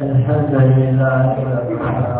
الحمد لله رب العالمين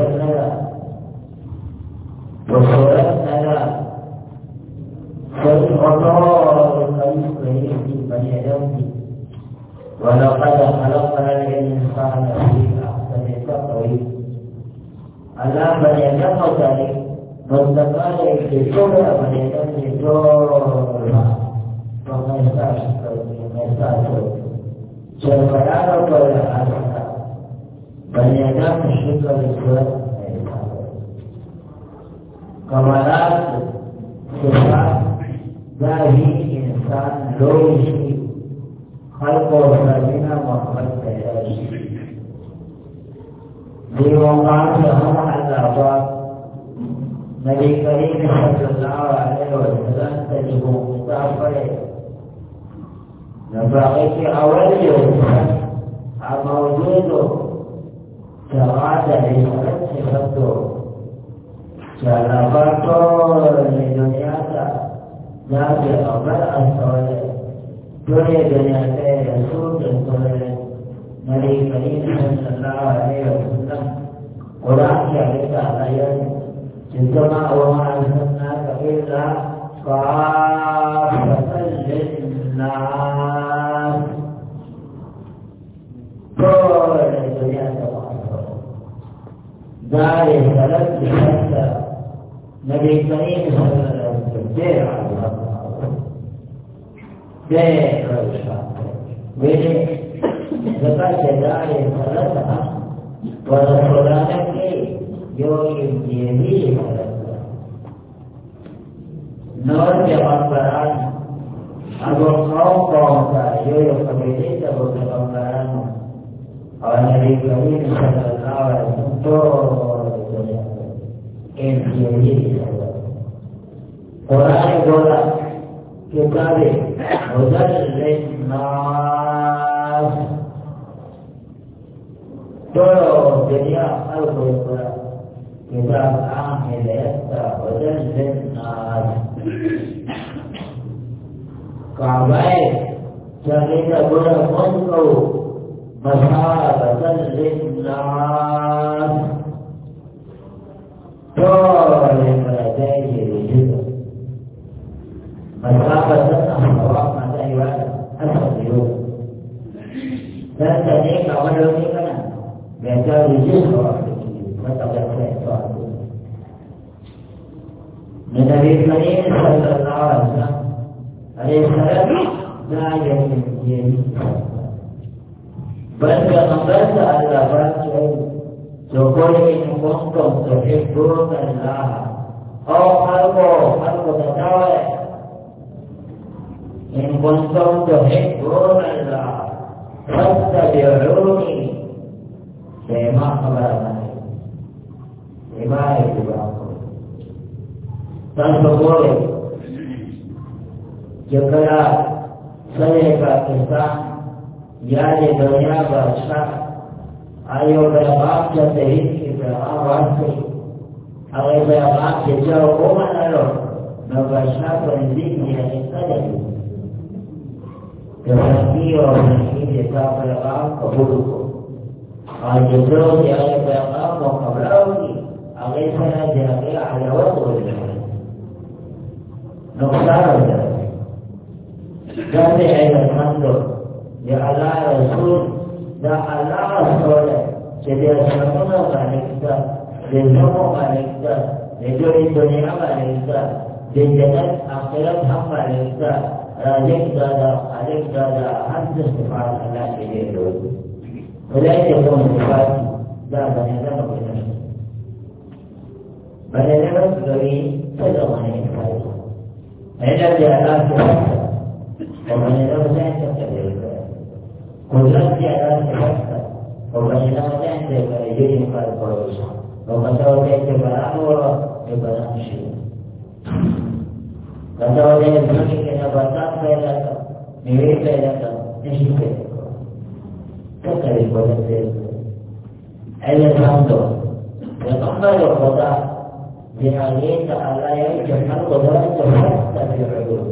dosi halko bagina mohon dosi di di dunia وجد يدي رسول الله نبي كريم صلى الله عليه وسلم ولم يعرف عليهم عندما وما أرسلناك إلا كافة للناس كل الدنيا ذلك لم يحس نبي كريم صلى الله عليه وسلم जय प्रभुषा मेरे जता जगारे भरत परशुराम के योगी देवी भरत नौर जवाबदारान अगर सौ कौन का यो यो कबीरे तब जवाबदारान और नबी कबीर सल्लल्लाहु अलैहि वसल्लम तो इन ये ही भरत और आए बोला يقال هدى للناس تو جميع الخلق كتاب عامل هدى للناس كعبائي سميت بنا منه مثابة للناس يقرأ صليك الإنسان يعني دنيا بأشخاص أيوة بأبعاد جدهيك بأبعاد جدهيك أو بأبعاد جدهيك وما نرى مباشرة ونزيد يعني صليك تفكير وتحكيم كتاب الإمام قبوله الجدود يعني بأمام وقبله أليس هذه على وضوء الإمام نقصان الإمام داري أيضا خمدو لعلى رسول لعلى رسول جدي أسلامنا غالكتا للنمو غالكتا لدور الدنيا غالكتا للجنة آخرت هم غالكتا راجك دادا عليك دادا أنت استفعال الله جديد ولا يكون استفعال لا بني آدم بنفسه بني آدم بنفسه فلا بني آدم فإن الله فبينه ذلك كذلك قدرت على الحق وبينه ذلك فإليه فالقرص وقدر ذلك فالأمر ببلاء شيء قدر ذلك فإليك نباتات فإليك ميوي فإليك نشي فإليك تقريب ذلك أي الحمد يتقبل الخطأ بأن يتعالى يجعل قدرته حتى في العلوم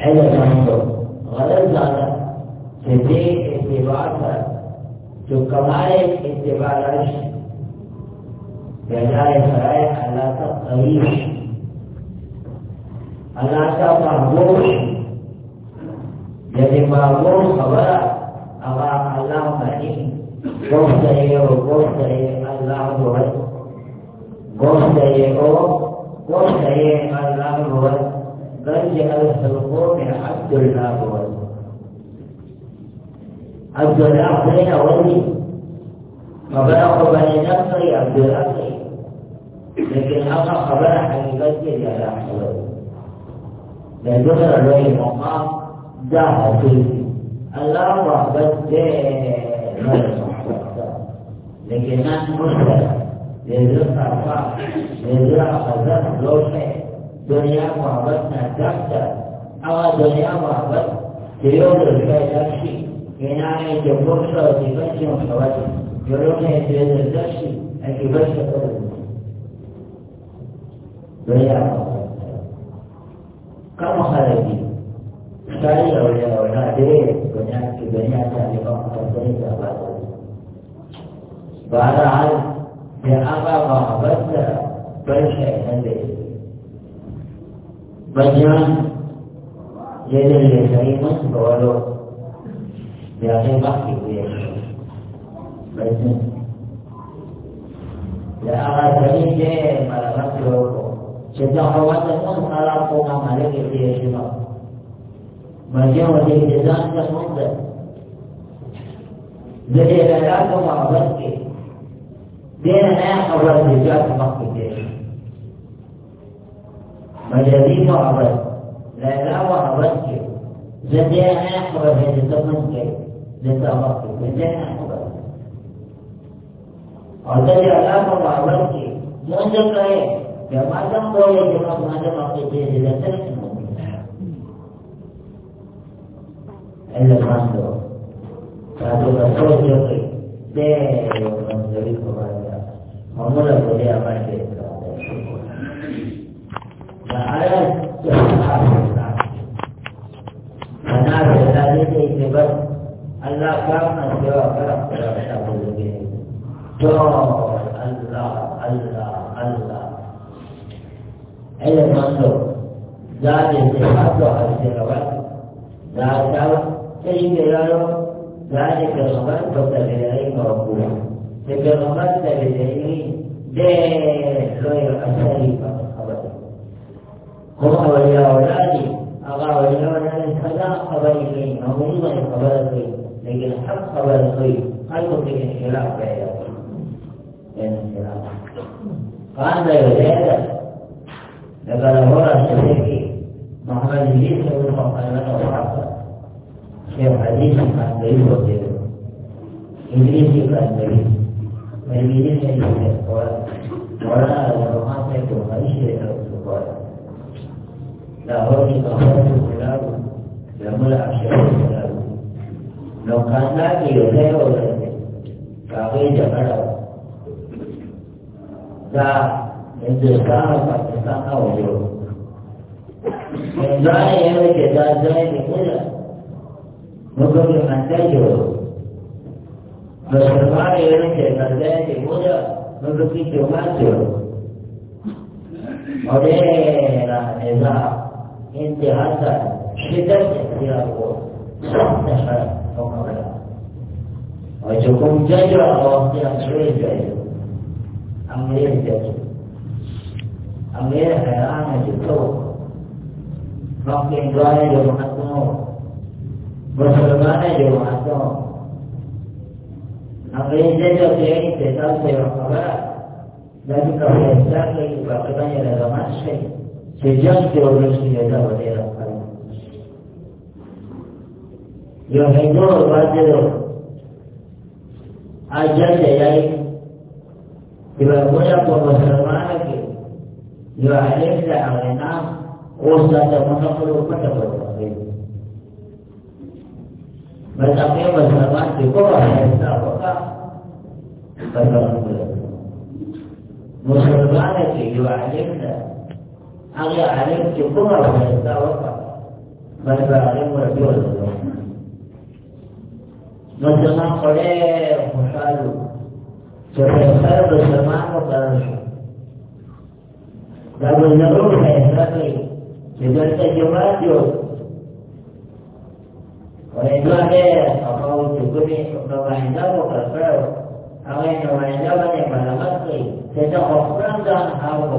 هذا المنظور غلط على تدريك اتباعها جو كمال اتباع العرش بجاي فرائح على تقريب على تقريب مغوش جدي مغوش خبر أبا الله مهين قوشتري وقوشتري الله دوري قوشتري وقوشتري الله دوري رجع في القوم عبد الأبوي عبد الأبوي ولي خبره بني نصري عبد الأبوي لكن أما خبر حقيقتي لا حول لذكر لي مقام دعوتي الله بس لكن أنا مسلم لذكر الله لذكر خزان روحي دنیا محبت نه دسته هغه دنیا محبت چې یو د پیدا شي ینانې چې موږ سره د بچي محبت جوړونه چې د دشي اکی بچه کړو دنیا کوم خلک دي ښکاری او یا او نه دې دنیا کې دنیا ته د کوم خبرې ته راځي بهرحال د هغه محبت سره بل شي نه دی بجان جدن لے جائے مجھ بولو جاہے باقی ہوئے بجان لآہا جائے جے ملکت لوگو چھتا ہواتا سن خراب کو ماں ملکی ہوئے شما مجھے ہوئے جائے جائے جائے جائے جائے جائے جائے جائے جائے مجازين وعبد لا لا وعبد كيف زدي أنا أحبب هذا تمن كيف لذا أمرك زدي أنا أحبب وزدي لا وعبد كيف مؤذن كيف يا معلم قوي يا جماعة هذا ما قلت لي لا تنسى إلا المنظر فهذا الرسول يقول لا يوم منظركم هذا ومرة قولي أمرك فعلى فنال ذلك بس الله كرم سوى كرم ولا تأخذ به الله الله الله علم منظور ذات اتحاد الجربات ذات تجد له ذلك الغمات فتبعين مربوعة تلك هو ولي أولادي أضع ولي أولادي كذا قبل الخير أو مضي قبل الخير لكن الحق قبل الخير قلبه في انحراف بعيد انحراف قال يزيد لقد ورد شريكي محمد بن بن مقامة وحفظ شيخ حديث كان بعيد وكبير إدريسي كان بعيد فالإدريسي يقول ولا يرمى سيكون خيشي لا خوف خوف ولا هم لهم الأبشار ولا هم لو كان ذاك يغير ولا فأغير جمعه ذا انتقام وانتقام وجوه من ذا يملك ذا زين كله مكمل من تجوه مسلمان يملك ذا زين كله مكمل من تجوه ဟုတ်တယ်လားနေသာ عند هذا شدة اختياره صح دخل فقرة وتكون ججرة واختيار غير جيد أم غير جيد أم غير حيرانة الكون ممكن قال يوم حكمه مسلمان يوم حكمه أم غير جيد في أي تسلسل وقرة ذلك في الإسلام يبقى قضايا لغمان شيء سجاد دولتی ادا ولی را کنم یا هنگار باید رو اجل دیگه که به گویا با مسلمانه که یا علیم در آغینا قوز داده منقل و پتا بودی بس اقیه مسلمان که کو احیستا وقا بس اقیه مسلمانه که یا علیم در هغه عالم چې کومه وایي دا وکړه باندې به عالم ورته ورته نو زمان خوړې خوشاله چې پیغمبر د زمان مقرر شو دا به ضرور فیصله کوي چې دلته جومات جوړ ورېدوه هغه چې کومې نماینده مقرر کړی هغه نماینده باندې ملامت کوي چې ته خپل ځان او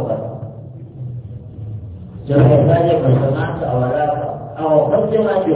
jawabannya bersemangat awal awal kerja maju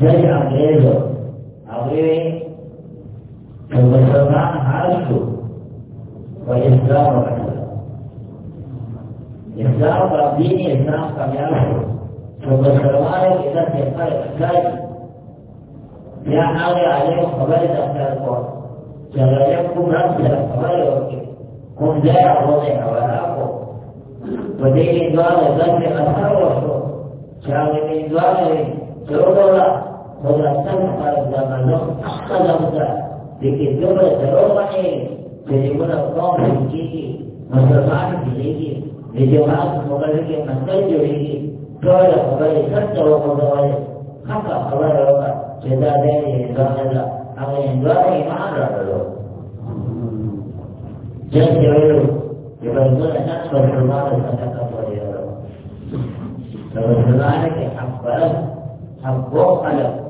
jadi abdezo abdewi kebesaran harusku wa islam Islam abdi Islam kami harus kebesaran kita siapa lagi ya ada ada khabar daftar kor jalan kubra tidak khabar oke kunjaya boleh khabar aku Berdiri dua, dan dia asal waktu. Jangan ini dua, jadi jodoh lah. Berdasarkan pada zaman Nuh, akhada muda. Bikin juga jerobah ini. Jadi mana kau berkiki, masyarakat berkiki, di jemaah semoga berkiki, masyarakat berkiki. Kau yang berkiki, kan jauh berkiki. Kata Allah ya Allah, kita ada yang berkiki, ada yang berkiki, ada yang berkiki, ada yang berkiki. Jadi kita itu, kita itu yang tak berkiki, kita tak berkiki. Kalau kita ada yang berkiki, kita berkiki, kita berkiki,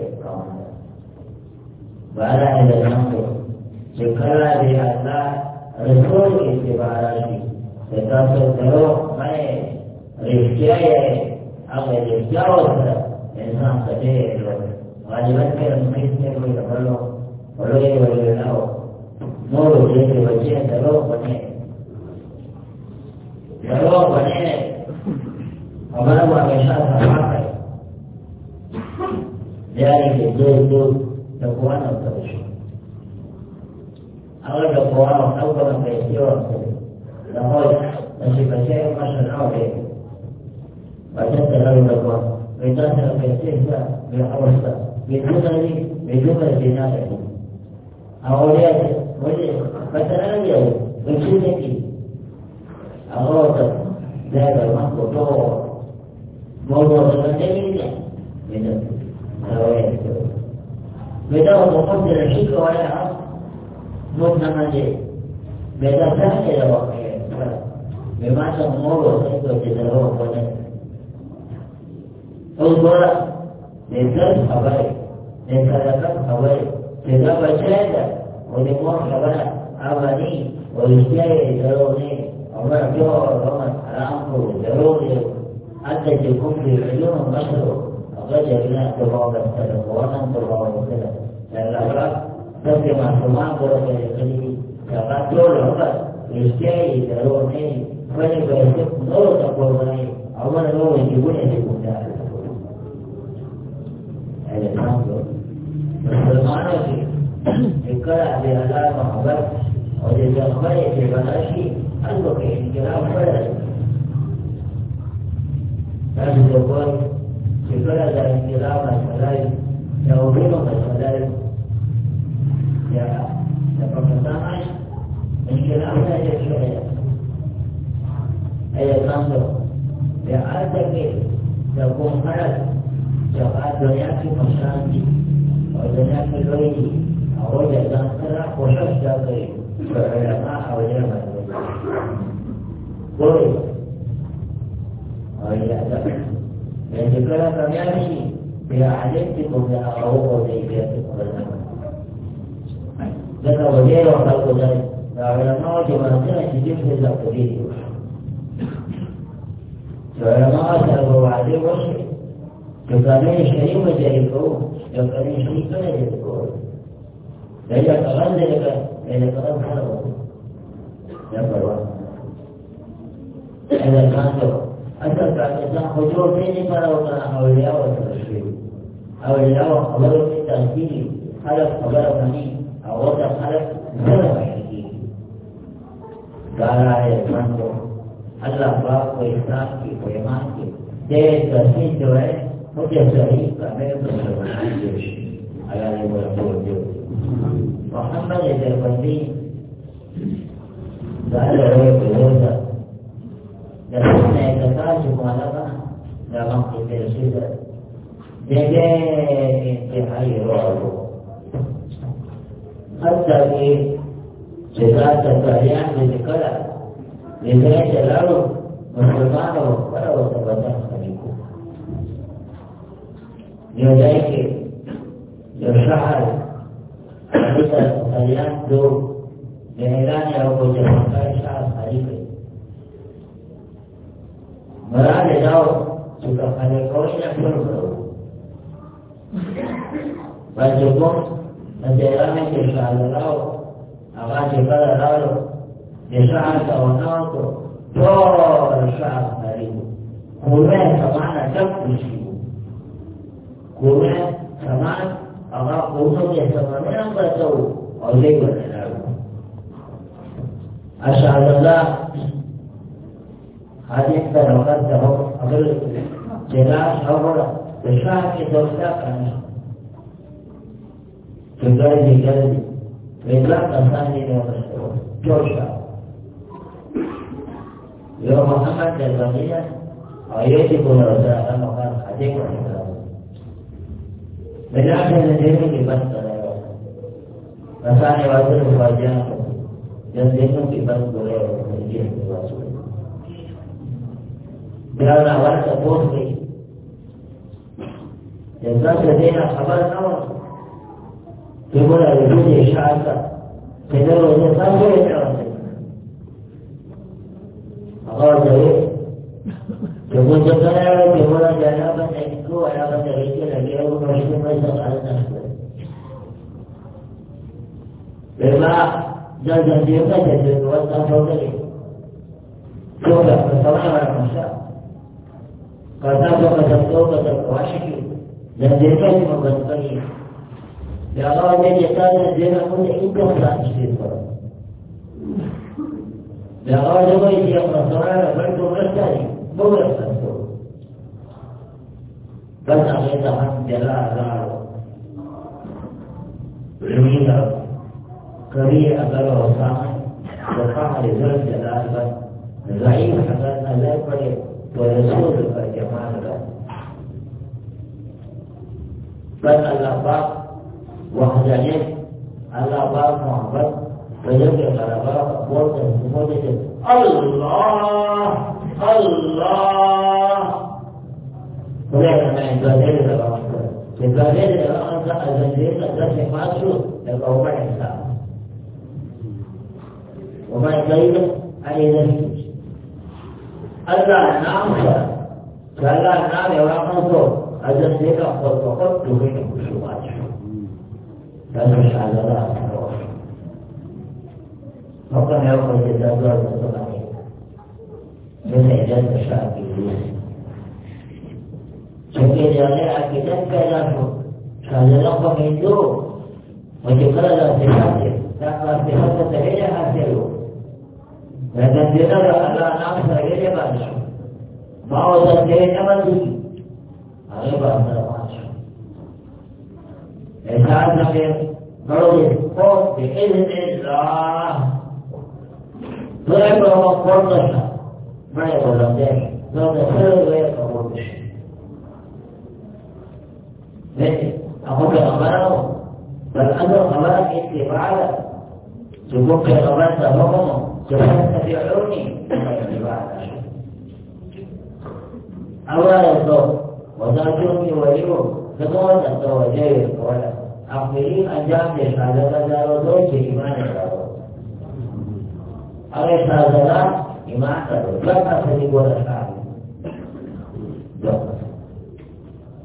وعلى إلى الأمر شكرا لله رسول استباراتي ستاسو ترو مي رشتياي أو رشتياو سر إنسان سبيه لو غالبا كده مميز نقول له ولو ولو ولو نور جيد وجيه ترو ونيه قرآن أولا فيسيرا لسلفت أولا تزوج هذا ولمرحة بقى عملي ويشتري ضروري وما جور على الأمر ضروري حتى تكون في علوم مشروع وقد جبنا تبارك السلف وأنتم تبارك take da gumfarar da ba da ya fi mashanti wajen ya fi raini a wajen zan tsara ko shasta kai da rama a wajen mai kore a wajen zan yanzu kara kamar shi ya halitta ko ya hau ko zai biya su kwanan daga wajen yawon kalko zai da rama wajen masu na cikin da zafi العلماء أثروا عليه وصل يقانين شيء ما يعرفوه يقانين شيء ما يعرفوه لأن القرآن لك لأن القرآن حرمه نمبر وان هذا الخاطر أثر بعد الإسلام خجوه فين فروا أولياء والتشريع أولياء أمروا في تأثير خلف خبر فني أو وضع خلف غير حقيقي قال عليه الخاطر اللہ باپ کو انسان کی پیمان کی تیرے درسی جو ہے مجھے صحیح کرنے میں تمہیں بنائی جوشی اللہ نے بول جو محمد نے دربندی ظاہر ہوئے کہ وہ تھا جب ہم نے کہا چکوانا تھا جب ہم کی پیسی تھا جگہ انتہائی روح ہو حتی کہ جزا تکاریاں میں نکل biasanya selalu berpengaruh pada wajah-wajah sekaligus. Ini wajah ini, berusaha, bisa kalian tuh Jangan jauh ke jalan hari ini. Merada jauh, juga pada kau yang berburu. Bajukmu, menjelamnya ke jalan jauh, akan jika jalan لشعرك وناظر دار شعر مريض قوات معنى تكشف قوات كمان أما قوتك يتمنى أن تتو أولي وتناول أشهد الله حديث بلغته قبل جلاش أول بشاك دوساق أنا تقلبي قلبي وإذا قصاني لو مسؤول جوشاق يوم محمد للبقية ويجب لو شاء مقام حديث وحكرام من أحد الذين بمثل فكان يوازن فرجاه يزن بمثل غيره من جهة الرسول بلون أول تقول للناس الذين خبرنا يقول وجود إشاعة تدور فجأة فجأة والأمر إليه توبة من صنع ما يخشى قد نطقت التوبة الواحد لدي كلمة بالطريق يا الله الذي كان لدينا كل إنكم لا تشركون يا الله لويت يقرأ صلاة فأنتم رسالي مو رسالتم بس أعطيتها جلاء الله ويريد سريع أبا وصاحب وقع لذلك الأكبر زعيم حتى بهذه بهذا الدليل هذه الوقت لأن الدين لا نعرف غير ما نشوف ما هو الدين ما نشوف غير ما نشوف إذا كان برضه الخوف بإذن الله ضرب وقرنش ما يقول لك لا تسير غير قرنش لكن أقول لك أمانه والأمر أمام استفعاله تبقى الغماس أمامه تبقى في عيوني أولا الضوء وذاكرني وليوم فقال الزوجين ولا أخبرين أن جامدش على مدى رضوك إيمان الأول أليس إيمان الأول لما تجيب ولا شعر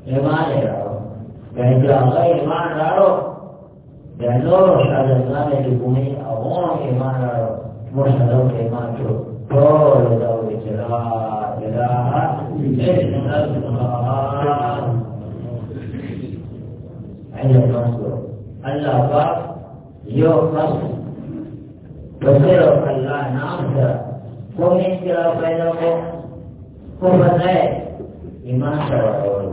إيمان الأول يعني فإن الله إيمان الأول لأنوش على المال الجمهوري أوان إيمان مرسلون إيمان طول دور جراء جراء إذن القرآن عند المنصور الله قال يوقف وسيرك الله نعمت قم انترى بينكم قم بنائك إيمان سوى قوله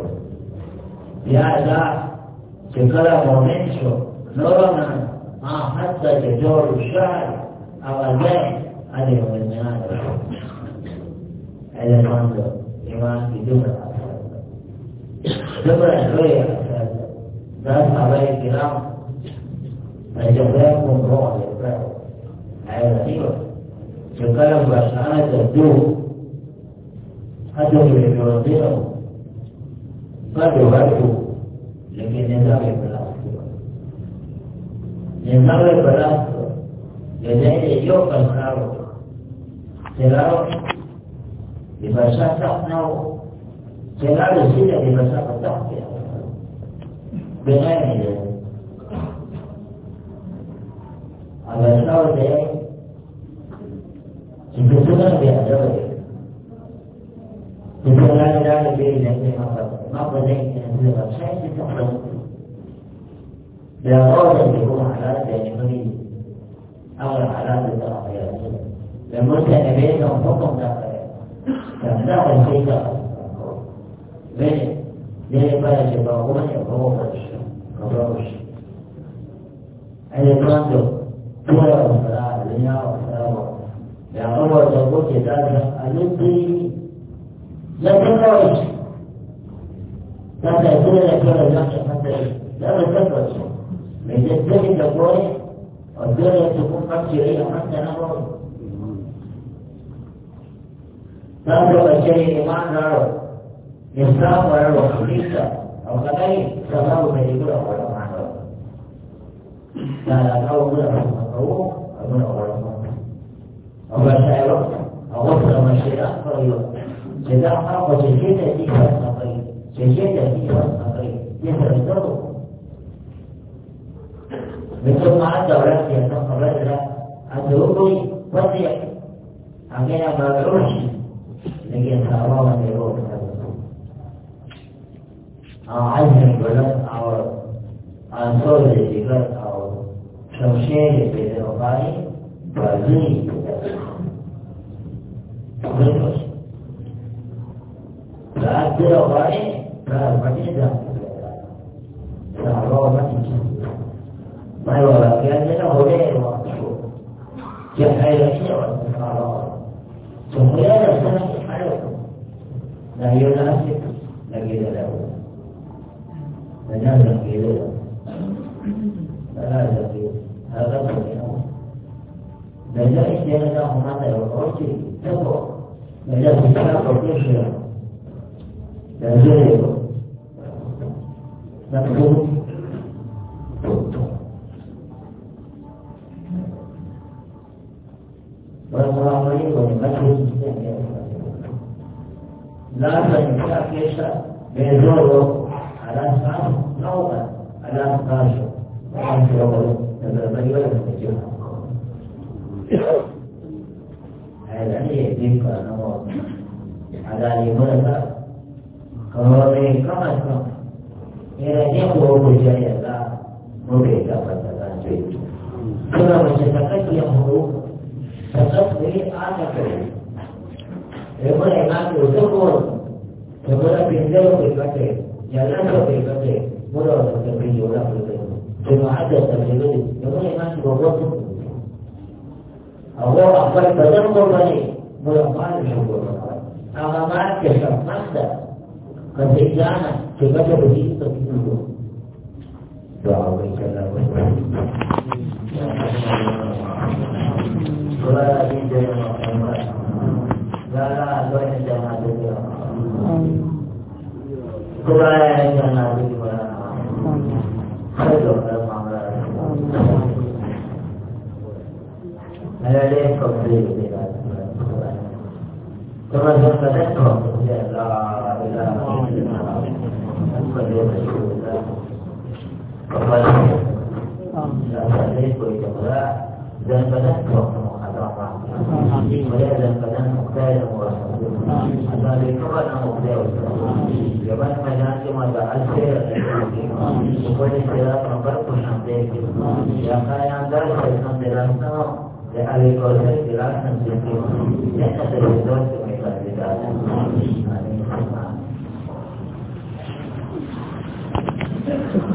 لهذا تكرم ومنشو ظلما ما حتى جدور الشعر أو البيت هذه هو المنازل هذا المنظر إمام في جملة جملة شوية ناس عليه الكلام فجبرهم روح يبرهم هذا سيوة شكرا بشعار الدور حتى يبرهم قد يبرهم لكن نظام يبرهم المغرب بلاط لذلك يوقع الخارج تلاو ببساطة نو تلاو السنة ببساطة تحت بغير ذلك على الأرض يبسطنا بأدوات يقول لا إله إلا الله ما قضيت من الغرب لا قول يكون حلال يشمل أو الحلال الآخر لما كان بينهم حكم داخل فهذا الشيء بين ذلك لا يتبعون يقوم الشيء أي كانت دولة وصلاة دنيا وصلاة لأن هو يقول كتابة أنتي لا تتوش لا تقول لك ولا نفسك حتى لا تتوش بالنسبة للأبواب الدنيا تكون قد شريعة حتى نمر تابع الشيء إيمان دارو إسلام ورو خليفة أو كذلك سبب من يقول أول ما دارو لا أو من أو من أول ما أو شيء أو وصل ما شيء أخر جزاء حق وجزية فيها النقي جزية فيها النقي يسرد Bersama daulah yang terkawal adalah Adukui wasiat Angin yang berurus Lagi yang sama dan berurus Azim berat awal Ansur di berat awal Syamsyir di berat awal Bagi Berurus Berarti awal جاء السلام وكيف تأثير مكتوب والسلام عليكم مكتوب لا تنسى كيف بيزوره على أسعار نوعا على أسعار وعنك يوم تبقى يوم تجيبها ಅದರಲ್ಲಿ ಯಜ್ಞಕ್ಕೆ ಅನುಭವ ಹಾಗಾಗಿ ಮೂಲಕ ಕೋರಿ ಕಮಸ್ಕ ಇದನ್ನೇ ಹೋಗುವುದೆಲ್ಲ ಹೋಗಬೇಕಾಗಿ ಕೆಲವೊಂದು ಸಕತಿ ಎಂಬುದು ಸಕತ್ತಿ ಆಟಗಳು ಎಬ್ಬರ ಏನಾದರೂ ಉತ್ತಮವರು ಎಬ್ಬರ ಪಿಂಜರು ಬೇಕಂತೆ ಎಲ್ಲರೂ ಬೇಕಂತೆ ಮೂರವರ ಬಿಜೋಳ ಬೇಕು ಆದ ಎಬ್ಬರ ಏನಾದರೂ ಹೋಗೋದು هو أفضل بدن قرباني هو أفضل بدن قرباني أما ما تشرف مهدا قد إجانا تبدأ بجيب تبدأ بجيب دعوة الله وبركاته beliau. Jawaban pada cuma ada alfir Bukan istilah nomor pun hampir Yang kaya anda Saya jelasnya Ya ahli kuasa jelasnya Ya saya Thank you.